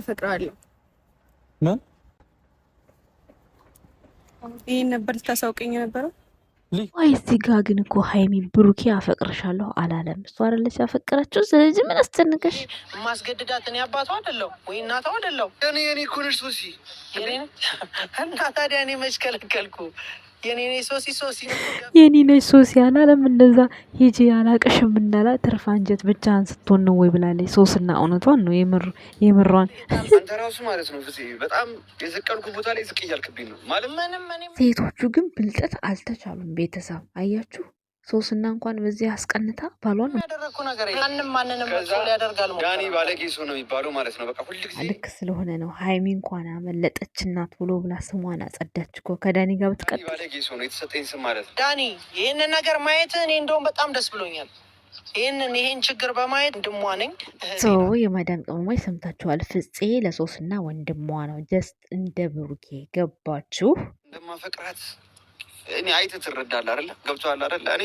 እፈቅራለሁ። ምን ይሄን ነበር ልታሳውቀኝ ነበረው? ወይ እዚህ ጋ ግን እኮ ሀይሚ ብሩኬ አፈቅርሻለሁ አላለም። እሷ አይደለች ያፈቅረችው። ስለዚህ ምን አስጨንቀሽ? ማስገድዳት እኔ አባቷ አይደለሁ ወይ እናቷ አይደለሁ። እኔ እኔ እኮ ነሽ ሶሲ እና ታዲያ እኔ መች ከለከልኩ? የኔ ነሽ ሶሲ አላለም እንደዛ ሂጂ አላቅሽም እንዳላ ትርፍ አንጀት ብቻህን ስትሆን ነው ወይ ብላለች። ሶስና እውነቷን ነው የምሯን። ሴቶቹ ግን ብልጠት አልተቻሉም። ቤተሰብ አያችሁ ሶስና እንኳን በዚህ አስቀንታ ባሏን ያደረግኩ ነገር ማንም ማንንም ያደርጋል። ዳኒ ባለጌ ሰው ነው የሚባለው ማለት ነው። በቃ ሁልጊዜ ልክ ስለሆነ ነው። ሀይሚ እንኳን አመለጠች እናት ብሎ ብላ ስሟን አጸዳች እኮ ከዳኒ ጋር ብትቀጥል ባለጌ ሰው ነው የተሰጠኝ ስም ማለት ነው። ዳኒ ይህንን ነገር ማየት እኔ እንደውም በጣም ደስ ብሎኛል። ይህንን ይህን ችግር በማየት ወንድሟ ነኝ። የማዳም ቅመሞች ሰምታችኋል። ፍፄ ለሶስና ወንድሟ ነው። ጀስት እንደ ብሩኬ ገባችሁ እንደማፈቅራት እኔ አይተህ ትረዳለህ አይደለ? ገብቶሃል አይደለ? እኔ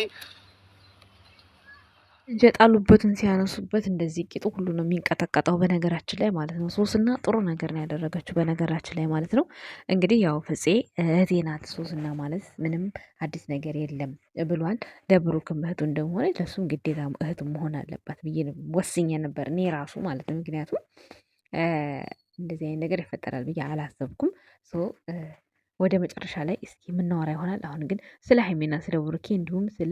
የጣሉበትን ሲያነሱበት እንደዚህ ቂጡ ሁሉ ነው የሚንቀጠቀጠው። በነገራችን ላይ ማለት ነው ሶስና ጥሩ ነገር ነው ያደረገችው። በነገራችን ላይ ማለት ነው እንግዲህ ያው ፍፄ እህቴ ናት ሶስና ማለት ምንም አዲስ ነገር የለም ብሏል። ለብሩክም እህቱ እንደሆነ ለሱም ግዴታ እህቱ መሆን አለባት ብዬ ወስኜ ነበር እኔ ራሱ ማለት ነው። ምክንያቱም እንደዚህ አይነት ነገር ይፈጠራል ብዬ አላሰብኩም። ወደ መጨረሻ ላይ እስኪ የምናወራ ይሆናል። አሁን ግን ስለ ሀይሜና ስለ ብሩኬ እንዲሁም ስለ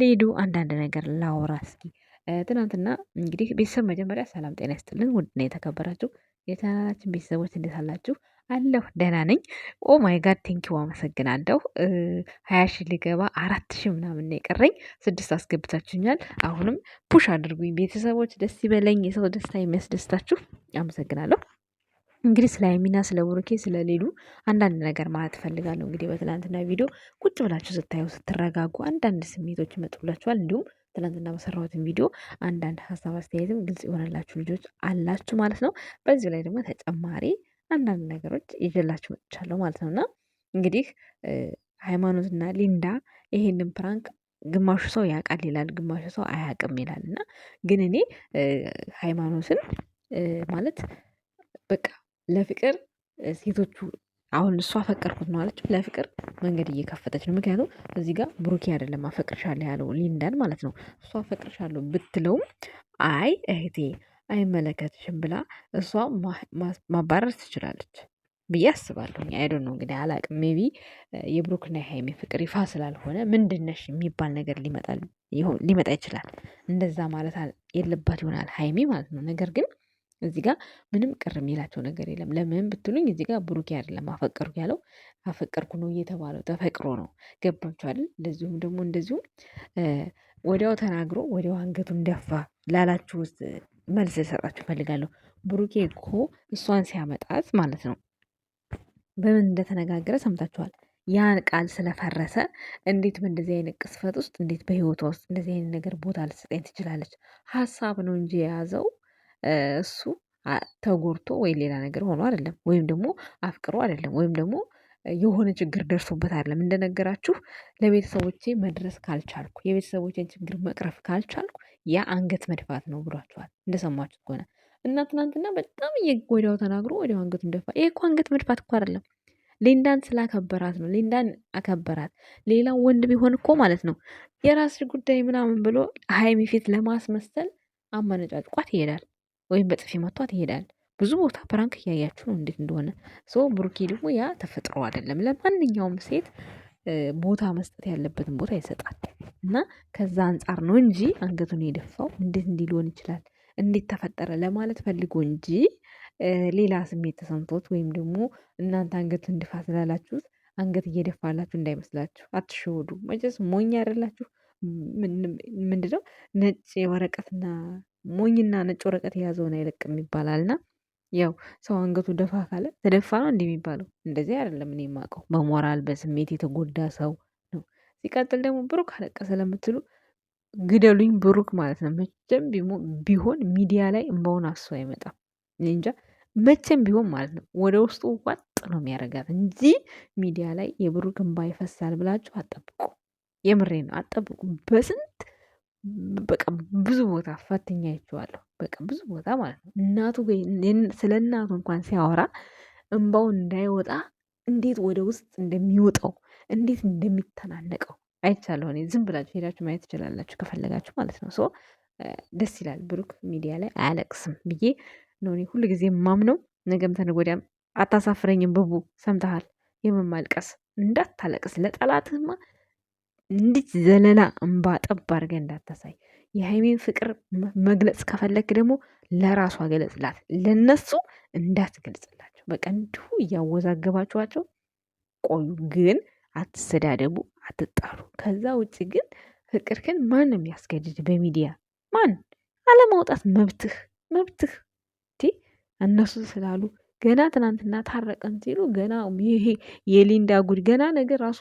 ሌዱ አንዳንድ ነገር ላወራ እስኪ። ትናንትና እንግዲህ ቤተሰብ መጀመሪያ ሰላም ጤና ይስጥልን። ውድና የተከበራችሁ የቻናላችን ቤተሰቦች እንዴት አላችሁ? አለሁ ደህና ነኝ። ኦ ማይ ጋድ ቴንኪው አመሰግናለሁ። ሀያ ሺ ልገባ አራት ሺ ምናምን የቀረኝ። ስድስት አስገብታችሁኛል። አሁንም ፑሽ አድርጉኝ ቤተሰቦች፣ ደስ ይበለኝ። የሰው ደስታ የሚያስደስታችሁ አመሰግናለሁ። እንግዲህ ስለ ሀይሚና ስለ ብሩኬ ስለ ሌሉ አንዳንድ ነገር ማለት እፈልጋለሁ። እንግዲህ በትናንትና ቪዲዮ ቁጭ ብላችሁ ስታዩ ስትረጋጉ አንዳንድ ስሜቶች ይመጡላችኋል። እንዲሁም ትናንትና በሰራሁትን ቪዲዮ አንዳንድ ሀሳብ አስተያየትም ግልጽ የሆነላችሁ ልጆች አላችሁ ማለት ነው። በዚሁ ላይ ደግሞ ተጨማሪ አንዳንድ ነገሮች ይዤላችሁ መጥቻለሁ ማለት እና እንግዲህ ሃይማኖትና ሊንዳ ይሄንን ፕራንክ ግማሹ ሰው ያውቃል ይላል፣ ግማሹ ሰው አያውቅም ይላል እና ግን እኔ ሃይማኖትን ማለት በቃ ለፍቅር ሴቶቹ አሁን እሷ አፈቀርኩት ነው አለች። ለፍቅር መንገድ እየከፈተች ነው። ምክንያቱም እዚህ ጋር ብሩኪ አይደለም አፈቅርሻለሁ ያለው ሊንዳን ማለት ነው። እሱ አፈቅርሻለሁ ብትለውም አይ እህቴ አይመለከትሽም ብላ እሷ ማባረር ትችላለች ብዬ አስባለሁ። አይዶ ነው እንግዲህ አላቅም። ሜቢ የብሩክና የሀይሜ ፍቅር ይፋ ስላልሆነ ምንድነሽ የሚባል ነገር ሊመጣ ይችላል። እንደዛ ማለት የለባት ይሆናል ሀይሜ ማለት ነው። ነገር ግን እዚህ ጋር ምንም ቅር የሚላቸው ነገር የለም። ለምን ብትሉኝ እዚህ ጋር ብሩኬ አይደለም አፈቀርኩ ያለው አፈቀርኩ ነው እየተባለው ተፈቅሮ ነው። ገባችሁ አይደል? እንደዚሁም ደግሞ እንደዚሁም ወዲያው ተናግሮ ወዲያው አንገቱን ደፋ ላላችሁ ውስጥ መልስ ልሰጣችሁ እፈልጋለሁ። ብሩኬ እኮ እሷን ሲያመጣት ማለት ነው በምን እንደተነጋገረ ሰምታችኋል። ያን ቃል ስለፈረሰ እንዴት በእንደዚህ አይነት ቅስፈት ውስጥ እንዴት በህይወቷ ውስጥ እንደዚህ አይነት ነገር ቦታ ልትሰጠኝ ትችላለች? ሀሳብ ነው እንጂ የያዘው እሱ ተጎድቶ ወይ ሌላ ነገር ሆኖ አይደለም ወይም ደግሞ አፍቅሮ አይደለም ወይም ደግሞ የሆነ ችግር ደርሶበት አይደለም እንደነገራችሁ ለቤተሰቦቼ መድረስ ካልቻልኩ የቤተሰቦቼን ችግር መቅረፍ ካልቻልኩ ያ አንገት መድፋት ነው ብሏቸዋል። እንደሰማችሁት ከሆነ እና ትናንትና በጣም እየጎዳው ተናግሮ ወዲያው አንገቱን እንደፋ። ይሄ እኮ አንገት መድፋት እኮ አይደለም ሌንዳን ስላከበራት ነው። ሌንዳን አከበራት። ሌላ ወንድ ቢሆን እኮ ማለት ነው የራስሽ ጉዳይ ምናምን ብሎ ሀይሚ ፊት ለማስመሰል አመነጫጭቋት ይሄዳል። ወይም በጥፊ መቷት ይሄዳል። ብዙ ቦታ ፕራንክ እያያችሁ ነው እንዴት እንደሆነ ሰው ብሩኬ ደግሞ ያ ተፈጥሮ አይደለም። ለማንኛውም ሴት ቦታ መስጠት ያለበትን ቦታ ይሰጣል እና ከዛ አንጻር ነው እንጂ አንገቱን የደፋው እንዴት እንዲልሆን ሊሆን ይችላል እንዴት ተፈጠረ ለማለት ፈልጎ እንጂ ሌላ ስሜት ተሰምቶት ወይም ደግሞ እናንተ አንገቱን እንድፋ ስላላችሁት አንገት እየደፋላችሁ እንዳይመስላችሁ አትሸወዱ። መቼስ ሞኝ አይደላችሁ። ምንድነው ነጭ የወረቀትና ሞኝና ነጭ ወረቀት የያዘውን አይለቅም ይባላልና ያው ሰው አንገቱ ደፋ ካለ ተደፋ ነው እንዲህ የሚባለው። እንደዚህ አይደለም እኔ የማውቀው፣ በሞራል በስሜት የተጎዳ ሰው ነው። ሲቀጥል ደግሞ ብሩክ አለቀሰ ለምትሉ ግደሉኝ፣ ብሩክ ማለት ነው። መቼም ቢሆን ሚዲያ ላይ እምባውን አሶ አይመጣም። እንጃ መቼም ቢሆን ማለት ነው ወደ ውስጡ ዋጥ ነው የሚያደርጋት እንጂ ሚዲያ ላይ የብሩክ እምባ ይፈሳል ብላችሁ አጠብቁ። የምሬ ነው አጠብቁ። በስንት በቃ ብዙ ቦታ ፈትኛ በቃ ብዙ ቦታ ማለት ነው። እናቱ ስለ እናቱ እንኳን ሲያወራ እምባው እንዳይወጣ እንዴት ወደ ውስጥ እንደሚወጣው እንዴት እንደሚተናነቀው አይቻለሁ። እኔ ዝም ብላችሁ ሄዳችሁ ማየት ትችላላችሁ ከፈለጋችሁ ማለት ነው። ሶ ደስ ይላል። ብሩክ ሚዲያ ላይ አያለቅስም ብዬ ነው እኔ ሁሉ ጊዜ የማምነው። ነገም ተነገ ወዲያም አታሳፍረኝም። ብቡ ሰምተሃል? የምማልቀስ እንዳታለቅስ ለጠላትህማ እንዲህ ዘለላ እምባ ጠብ አድርገህ እንዳታሳይ። የሃይሜን ፍቅር መግለጽ ከፈለክ ደግሞ ለራሷ ገለጽላት፣ ለነሱ እንዳትገልጽላቸው። በቃ እንዲሁ እያወዛገባችኋቸው ቆዩ። ግን አትሰዳደቡ፣ አትጣሉ። ከዛ ውጭ ግን ፍቅርህን ማን የሚያስገድድ በሚዲያ ማን አለማውጣት መብትህ መብትህ እነሱ ስላሉ ገና ትናንትና ታረቀን ሲሉ ገና ይሄ የሊንዳ ጉድ ገና ነገር ራሱ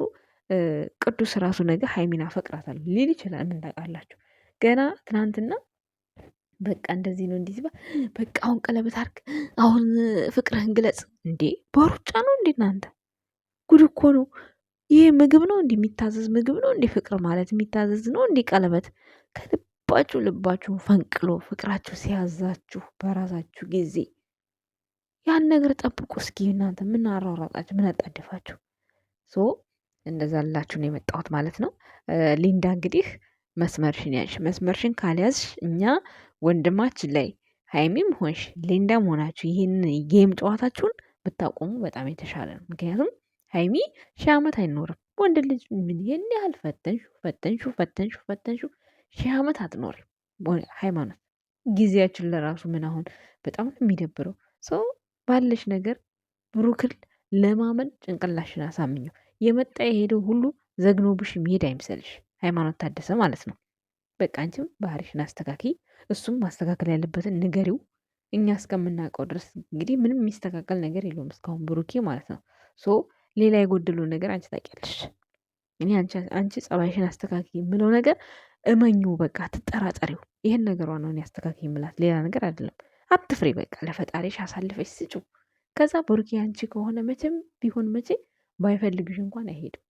ቅዱስ ራሱ ነገ ሀይሚን አፈቅራታለሁ ሊል ይችላል። ምን ታውቃላችሁ? ገና ትናንትና በቃ እንደዚህ ነው እንዲህ በቃ አሁን ቀለበት አርግ፣ አሁን ፍቅርህን ግለጽ። እንዴ በሩጫ ነው እንዴ እናንተ? ጉድ እኮ ነው። ይሄ ምግብ ነው እንዲህ የሚታዘዝ ምግብ ነው እንዲህ ፍቅር ማለት የሚታዘዝ ነው እንዲህ ቀለበት ከልባችሁ ልባችሁ ፈንቅሎ ፍቅራችሁ ሲያዛችሁ በራሳችሁ ጊዜ ያን ነገር ጠብቁ። እስኪ እናንተ ምን ምን አጣደፋችሁ? እንደዛ ልላችሁ ነው የመጣሁት ማለት ነው። ሊንዳ እንግዲህ መስመርሽን ያዥ መስመርሽን ካልያዝሽ እኛ ወንድማችን ላይ ሀይሚም ሆንሽ ሊንዳም ሆናችሁ ይህን ጌም ጨዋታችሁን ብታቆሙ በጣም የተሻለ ነው። ምክንያቱም ሀይሚ ሺህ ዓመት አይኖርም። ወንድ ልጅ ምን ይህን ያህል ፈተንሹ ፈተንሹ ፈተንሹ ፈተንሹ ሺህ ዓመት አትኖርም። ሃይማኖት ጊዜያችን ለራሱ ምን አሁን በጣም ነው የሚደብረው። ሰው ባለሽ ነገር ብሩክል ለማመን ጭንቅላሽን አሳምኘው። የመጣ የሄደው ሁሉ ዘግኖብሽ የሚሄድ አይምሰልሽ። ሃይማኖት ታደሰ ማለት ነው። በቃ አንቺም ባህሪሽን አስተካኪ፣ እሱም ማስተካከል ያለበትን ንገሪው። እኛ እስከምናውቀው ድረስ እንግዲህ ምንም የሚስተካከል ነገር የለውም እስካሁን ብሩኬ ማለት ነው። ሶ ሌላ የጎደለውን ነገር አንቺ ታውቂያለሽ። እኔ አንቺ ጸባይሽን አስተካኪ የምለው ነገር እመኙ፣ በቃ ትጠራጠሪው። ይህን ነገሯ ነው እኔ አስተካኪ የምላት፣ ሌላ ነገር አይደለም። አትፍሬ፣ በቃ ለፈጣሪሽ አሳልፈች ስጩ። ከዛ ብሩኬ አንቺ ከሆነ መቼም ቢሆን መቼ ባይፈልግሽ እንኳን አይሄድም።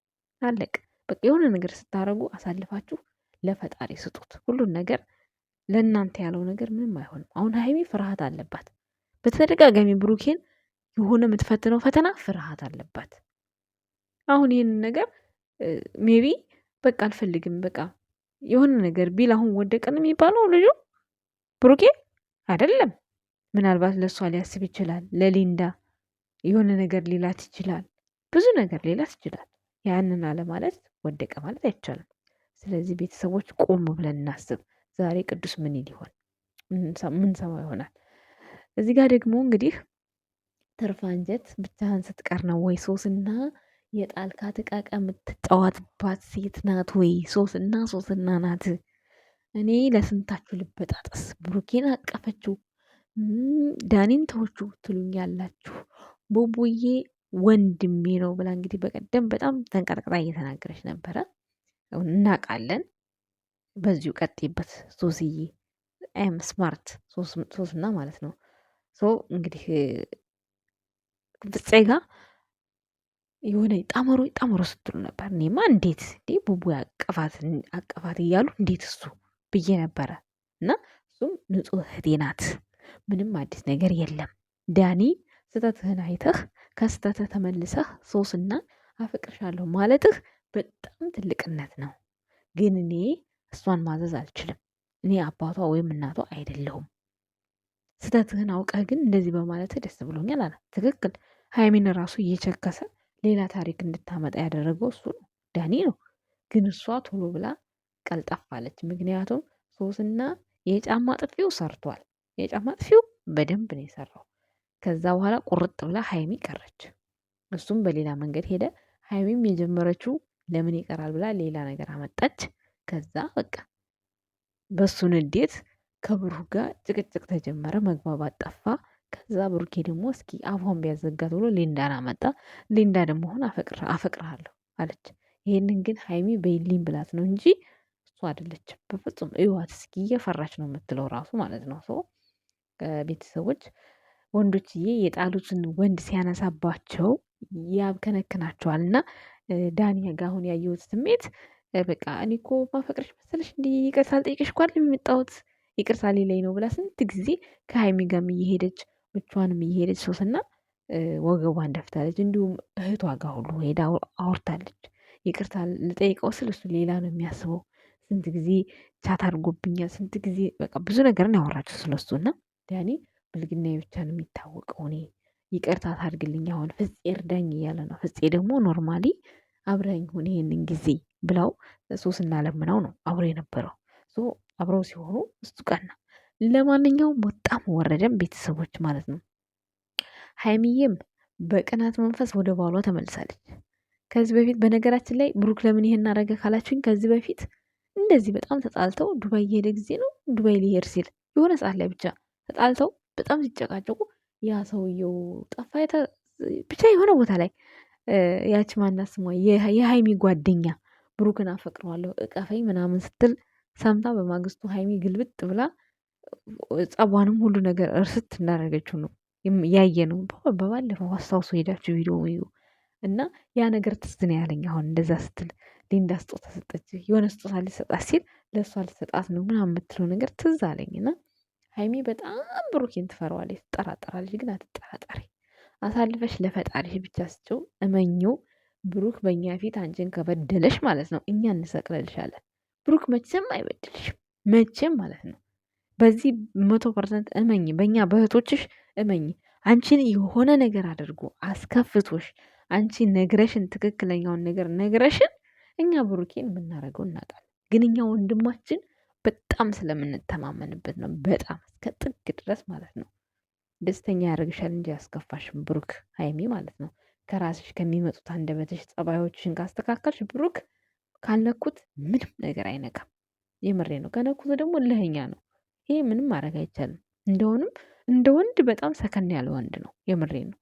አለቅ በቃ የሆነ ነገር ስታደርጉ አሳልፋችሁ ለፈጣሪ ስጡት። ሁሉን ነገር ለእናንተ ያለው ነገር ምንም አይሆንም። አሁን ሀይሚ ፍርሃት አለባት። በተደጋጋሚ ብሩኬን የሆነ የምትፈትነው ፈተና ፍርሃት አለባት። አሁን ይህንን ነገር ሜቢ በቃ አልፈልግም፣ በቃ የሆነ ነገር ቢል አሁን ወደቀን የሚባለው ልጁ ብሩኬ አይደለም። ምናልባት ለእሷ ሊያስብ ይችላል፣ ለሊንዳ የሆነ ነገር ሊላት ይችላል። ብዙ ነገር ሌላ ይችላል። ያንን አለማለት ወደቀ ማለት አይቻልም። ስለዚህ ቤተሰቦች ቆም ብለን እናስብ። ዛሬ ቅዱስ ምን ይል ይሆን? ሰማ ይሆናል? እዚህ ጋር ደግሞ እንግዲህ ትርፍ አንጀት ብቻህን ስትቀር ነው ወይ ሶስና የጣልካ ትቃቀ የምትጫወትባት ሴት ናት ወይ? ሶስና ሶስና ናት። እኔ ለስንታችሁ ልበጣጠስ? ብሩኬን አቀፈችው ዳኒን ተወችው ትሉኛላችሁ። ቦቦዬ ወንድሜ ነው ብላ እንግዲህ በቀደም በጣም ተንቀጥቅጣ እየተናገረች ነበረ። እናውቃለን። በዚሁ ቀጤበት ሶስዬ ኤም ስማርት ሶስና ማለት ነው። እንግዲህ ፍፄ ጋ የሆነ ጣመሮ ጣመሮ ስትሉ ነበር። እኔማ እንዴት እንዴ ቡቡ አቀፋት አቀፋት እያሉ እንዴት እሱ ብዬ ነበረ። እና እሱም ንጹህ እህቴ ናት፣ ምንም አዲስ ነገር የለም ዳኒ ስህተትህን አይተህ ከስህተትህ ተመልሰህ ሶስና አፈቅርሻለሁ ማለትህ በጣም ትልቅነት ነው። ግን እኔ እሷን ማዘዝ አልችልም። እኔ አባቷ ወይም እናቷ አይደለሁም። ስህተትህን አውቀህ ግን እንደዚህ በማለትህ ደስ ብሎኛል አለ። ትክክል። ሀይሚን ራሱ እየቸከሰ ሌላ ታሪክ እንድታመጣ ያደረገው እሱ ነው፣ ዳኒ ነው። ግን እሷ ቶሎ ብላ ቀልጣፋለች። ምክንያቱም ሶስና የጫማ ጥፊው ሰርቷል። የጫማ ጥፊው በደንብ ነው የሰራው። ከዛ በኋላ ቁርጥ ብላ ሀይሚ ቀረች። እሱም በሌላ መንገድ ሄደ። ሀይሚም የጀመረችው ለምን ይቀራል ብላ ሌላ ነገር አመጣች። ከዛ በቃ በሱ ንዴት ከብሩህ ጋር ጭቅጭቅ ተጀመረ። መግባባት ጠፋ። ከዛ ብሩኬ ደግሞ እስኪ አፏን ቢያዘጋት ብሎ ሊንዳን አመጣ። ሊንዳ ደግሞ አሁን አፈቅርሃለሁ አለች። ይህንን ግን ሀይሚ በይሊን ብላት ነው እንጂ እሱ አደለች በፍጹም እዋት። እስኪ እየፈራች ነው የምትለው ራሱ ማለት ነው። ሰው ቤተሰቦች ወንዶችዬ የጣሉትን ወንድ ሲያነሳባቸው ያብከነክናቸዋል። እና ዳኒ ጋ አሁን ያየሁት ስሜት በቃ እኔ እኮ ማፈቅረሽ መሰለሽ እንዲ ይቅርታ ልጠይቅሽ እኮ አይደል የመጣሁት ይቅርታ ሌለኝ ነው ብላ ስንት ጊዜ ከሀይሚ ጋር እየሄደች ብቻዋንም እየሄደች ሶስና ወገቧን ደፍታለች። እንዲሁም እህቷ ጋር ሁሉ ሄዳ አውርታለች። ይቅርታ ልጠይቀው ስል እሱ ሌላ ነው የሚያስበው። ስንት ጊዜ ቻት አድርጎብኛል፣ ስንት ጊዜ በቃ ብዙ ነገርን ያወራቸው ስለሱ እና ዳኒ ብልግና ብቻ ነው የሚታወቀው። እኔ ይቅርታ ታድርግልኝ አሁን ፍፄ እርዳኝ እያለ ነው። ፍፄ ደግሞ ኖርማሊ አብረኝ ሁን ይሄንን ጊዜ ብላው ሶስና ለምናው ነው አብሮ የነበረው አብረው ሲሆኑ እሱ ቀና። ለማንኛውም በጣም ወረደም ቤተሰቦች ማለት ነው። ሀይሚዬም በቅናት መንፈስ ወደ ባሏ ተመልሳለች። ከዚህ በፊት በነገራችን ላይ ብሩክ ለምን ይሄን አረገ ካላችሁኝ፣ ከዚህ በፊት እንደዚህ በጣም ተጣልተው ዱባይ የሄደ ጊዜ ነው ዱባይ ሊሄድ ሲል የሆነ ሰዓት ላይ ብቻ ተጣልተው በጣም ሲጨቃጨቁ ያ ሰውየው ጠፋ። ብቻ የሆነ ቦታ ላይ ያች ማና ስሟ የሀይሚ ጓደኛ ብሩክን አፈቅረዋለሁ እቀፈኝ ምናምን ስትል ሰምታ በማግስቱ ሀይሚ ግልብጥ ብላ ጸቧንም ሁሉ ነገር እርስት እንዳደረገችው ነው ያየ ነው። በባለፈው አስታውሶ ሄዳችሁ ቪዲዮ እዩ እና ያ ነገር ትዝን ያለኝ። አሁን እንደዛ ስትል ሊንዳ ስጦታ ሰጠች፣ የሆነ ስጦታ ሊሰጣት ሲል ለእሷ ልሰጣት ነው ምናምን የምትለው ነገር ትዝ አለኝ አለኝና ሀይሚ በጣም ብሩኬን ትፈራዋለች፣ ትጠራጠራለች። ግን አትጠራጠሪ፣ አሳልፈሽ ለፈጣሪሽ ብቻ ስጭው። እመኚው ብሩክ በእኛ ፊት አንቺን ከበደለሽ ማለት ነው እኛ እንሰቅለልሻለን። ብሩክ መቼም አይበድልሽም፣ መቼም ማለት ነው። በዚህ መቶ ፐርሰንት እመኝ፣ በእኛ በእህቶችሽ እመኝ። አንቺን የሆነ ነገር አድርጎ አስከፍቶሽ አንቺ ነግረሽን ትክክለኛውን ነገር ነግረሽን እኛ ብሩኬን የምናደርገው እናጣለን። ግን እኛ ወንድማችን በጣም ስለምንተማመንበት ነው። በጣም እስከ ጥግ ድረስ ማለት ነው። ደስተኛ ያደርግሻል እንጂ ያስከፋሽም ብሩክ ሀይሚ ማለት ነው። ከራስሽ ከሚመጡት አንደበትሽ ጸባዮችን ካስተካከልሽ ብሩክ ካልነኩት ምንም ነገር አይነካም። የምሬ ነው። ከነኩት ደግሞ ለህኛ ነው። ይሄ ምንም ማድረግ አይቻልም። እንደሆንም እንደ ወንድ በጣም ሰከን ያለ ወንድ ነው። የምሬ ነው።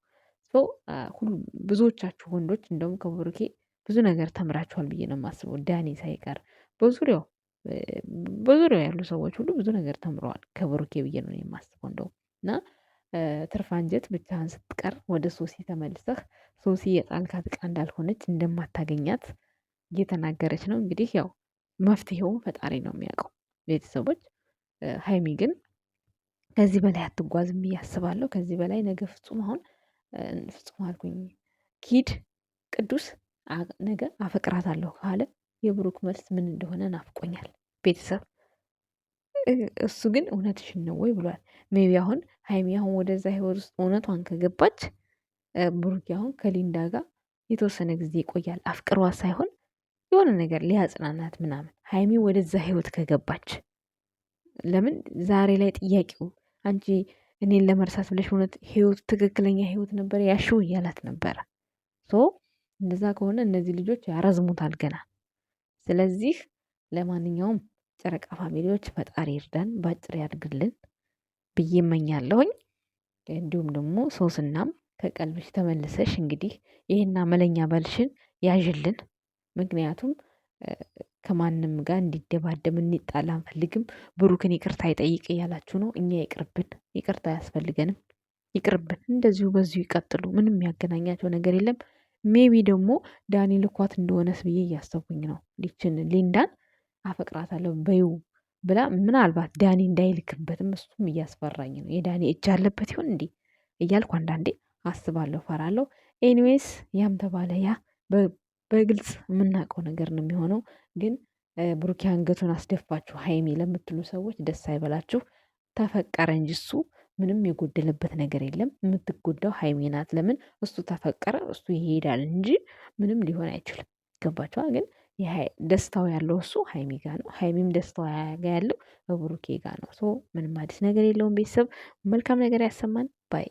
ሁሉ ብዙዎቻችሁ ወንዶች እንደውም ከብሩኬ ብዙ ነገር ተምራችኋል ብዬ ነው የማስበው። ዳኒ ሳይቀር በዙሪያው በዙሪያው ያሉ ሰዎች ሁሉ ብዙ ነገር ተምረዋል ከብሩኬ ብዬ ነው የማስበው እና ትርፋንጀት ብቻህን ስትቀር ወደ ሶሲ ተመልሰህ ሶሲ የጣልካት ዕቃ እንዳልሆነች እንደማታገኛት እየተናገረች ነው። እንግዲህ ያው መፍትሄውን ፈጣሪ ነው የሚያውቀው። ቤተሰቦች ሀይሚ ግን ከዚህ በላይ አትጓዝም ብዬ አስባለሁ። ከዚህ በላይ ነገ ፍጹም አሁን ፍጹም አልኩኝ ኪድ ቅዱስ ነገ አፈቅራታለሁ ካለ የብሩክ መልስ ምን እንደሆነ ናፍቆኛል ቤተሰብ። እሱ ግን እውነትሽን ነው ወይ ብሏል። ሜቢ አሁን ሀይሚ አሁን ወደዛ ህይወት ውስጥ እውነቷን ከገባች ብሩክ አሁን ከሊንዳ ጋር የተወሰነ ጊዜ ይቆያል። አፍቅሯ ሳይሆን የሆነ ነገር ሊያጽናናት ምናምን ሀይሚ ወደዛ ህይወት ከገባች ለምን ዛሬ ላይ ጥያቄው አንቺ እኔን ለመርሳት ብለሽ እውነት ህይወቱ ትክክለኛ ህይወት ነበረ ያሽው እያላት ነበረ። ሶ እንደዛ ከሆነ እነዚህ ልጆች ያረዝሙታል ገና። ስለዚህ ለማንኛውም ጨረቃ ፋሚሊዎች ፈጣሪ ይርዳን፣ ባጭር ያድርግልን ብዬ እመኛለሁኝ። እንዲሁም ደግሞ ሶስናም ከቀልብሽ ተመልሰሽ እንግዲህ ይህን አመለኛ በልሽን ያዥልን። ምክንያቱም ከማንም ጋር እንዲደባደብ እንጣል አንፈልግም። ብሩክን ይቅርታ ይጠይቅ እያላችሁ ነው። እኛ ይቅርብን፣ ይቅርታ አያስፈልገንም፣ ይቅርብን። እንደዚሁ በዚሁ ይቀጥሉ። ምንም ያገናኛቸው ነገር የለም። ሜቢ ደግሞ ዳኒ ልኳት እንደሆነስ ብዬ እያሰቡኝ ነው። ሊችን ሊንዳን አፈቅራታለሁ በይው ብላ ምናልባት ዳኒ እንዳይልክበትም እሱም እያስፈራኝ ነው። የዳኒ እጅ አለበት ይሆን እንዴ እያልኩ አንዳንዴ አስባለሁ፣ ፈራለሁ። ኤኒዌይስ ያም ተባለ ያ በግልጽ የምናውቀው ነገር ነው የሚሆነው። ግን ብሩኬ አንገቱን አስደፋችሁ ሀይሚ ለምትሉ ሰዎች ደስ አይበላችሁ። ተፈቀረ እንጂ እሱ ምንም የጎደለበት ነገር የለም። የምትጎዳው ሀይሜ ናት። ለምን እሱ ተፈቀረ እሱ ይሄዳል እንጂ ምንም ሊሆን አይችልም። ገባችኋ? ግን ደስታው ያለው እሱ ሀይሚ ጋ ነው። ሀይሚም ደስታው ጋ ያለው በብሩኬ ጋ ነው። ምንም አዲስ ነገር የለውም። ቤተሰብ መልካም ነገር ያሰማን ባይ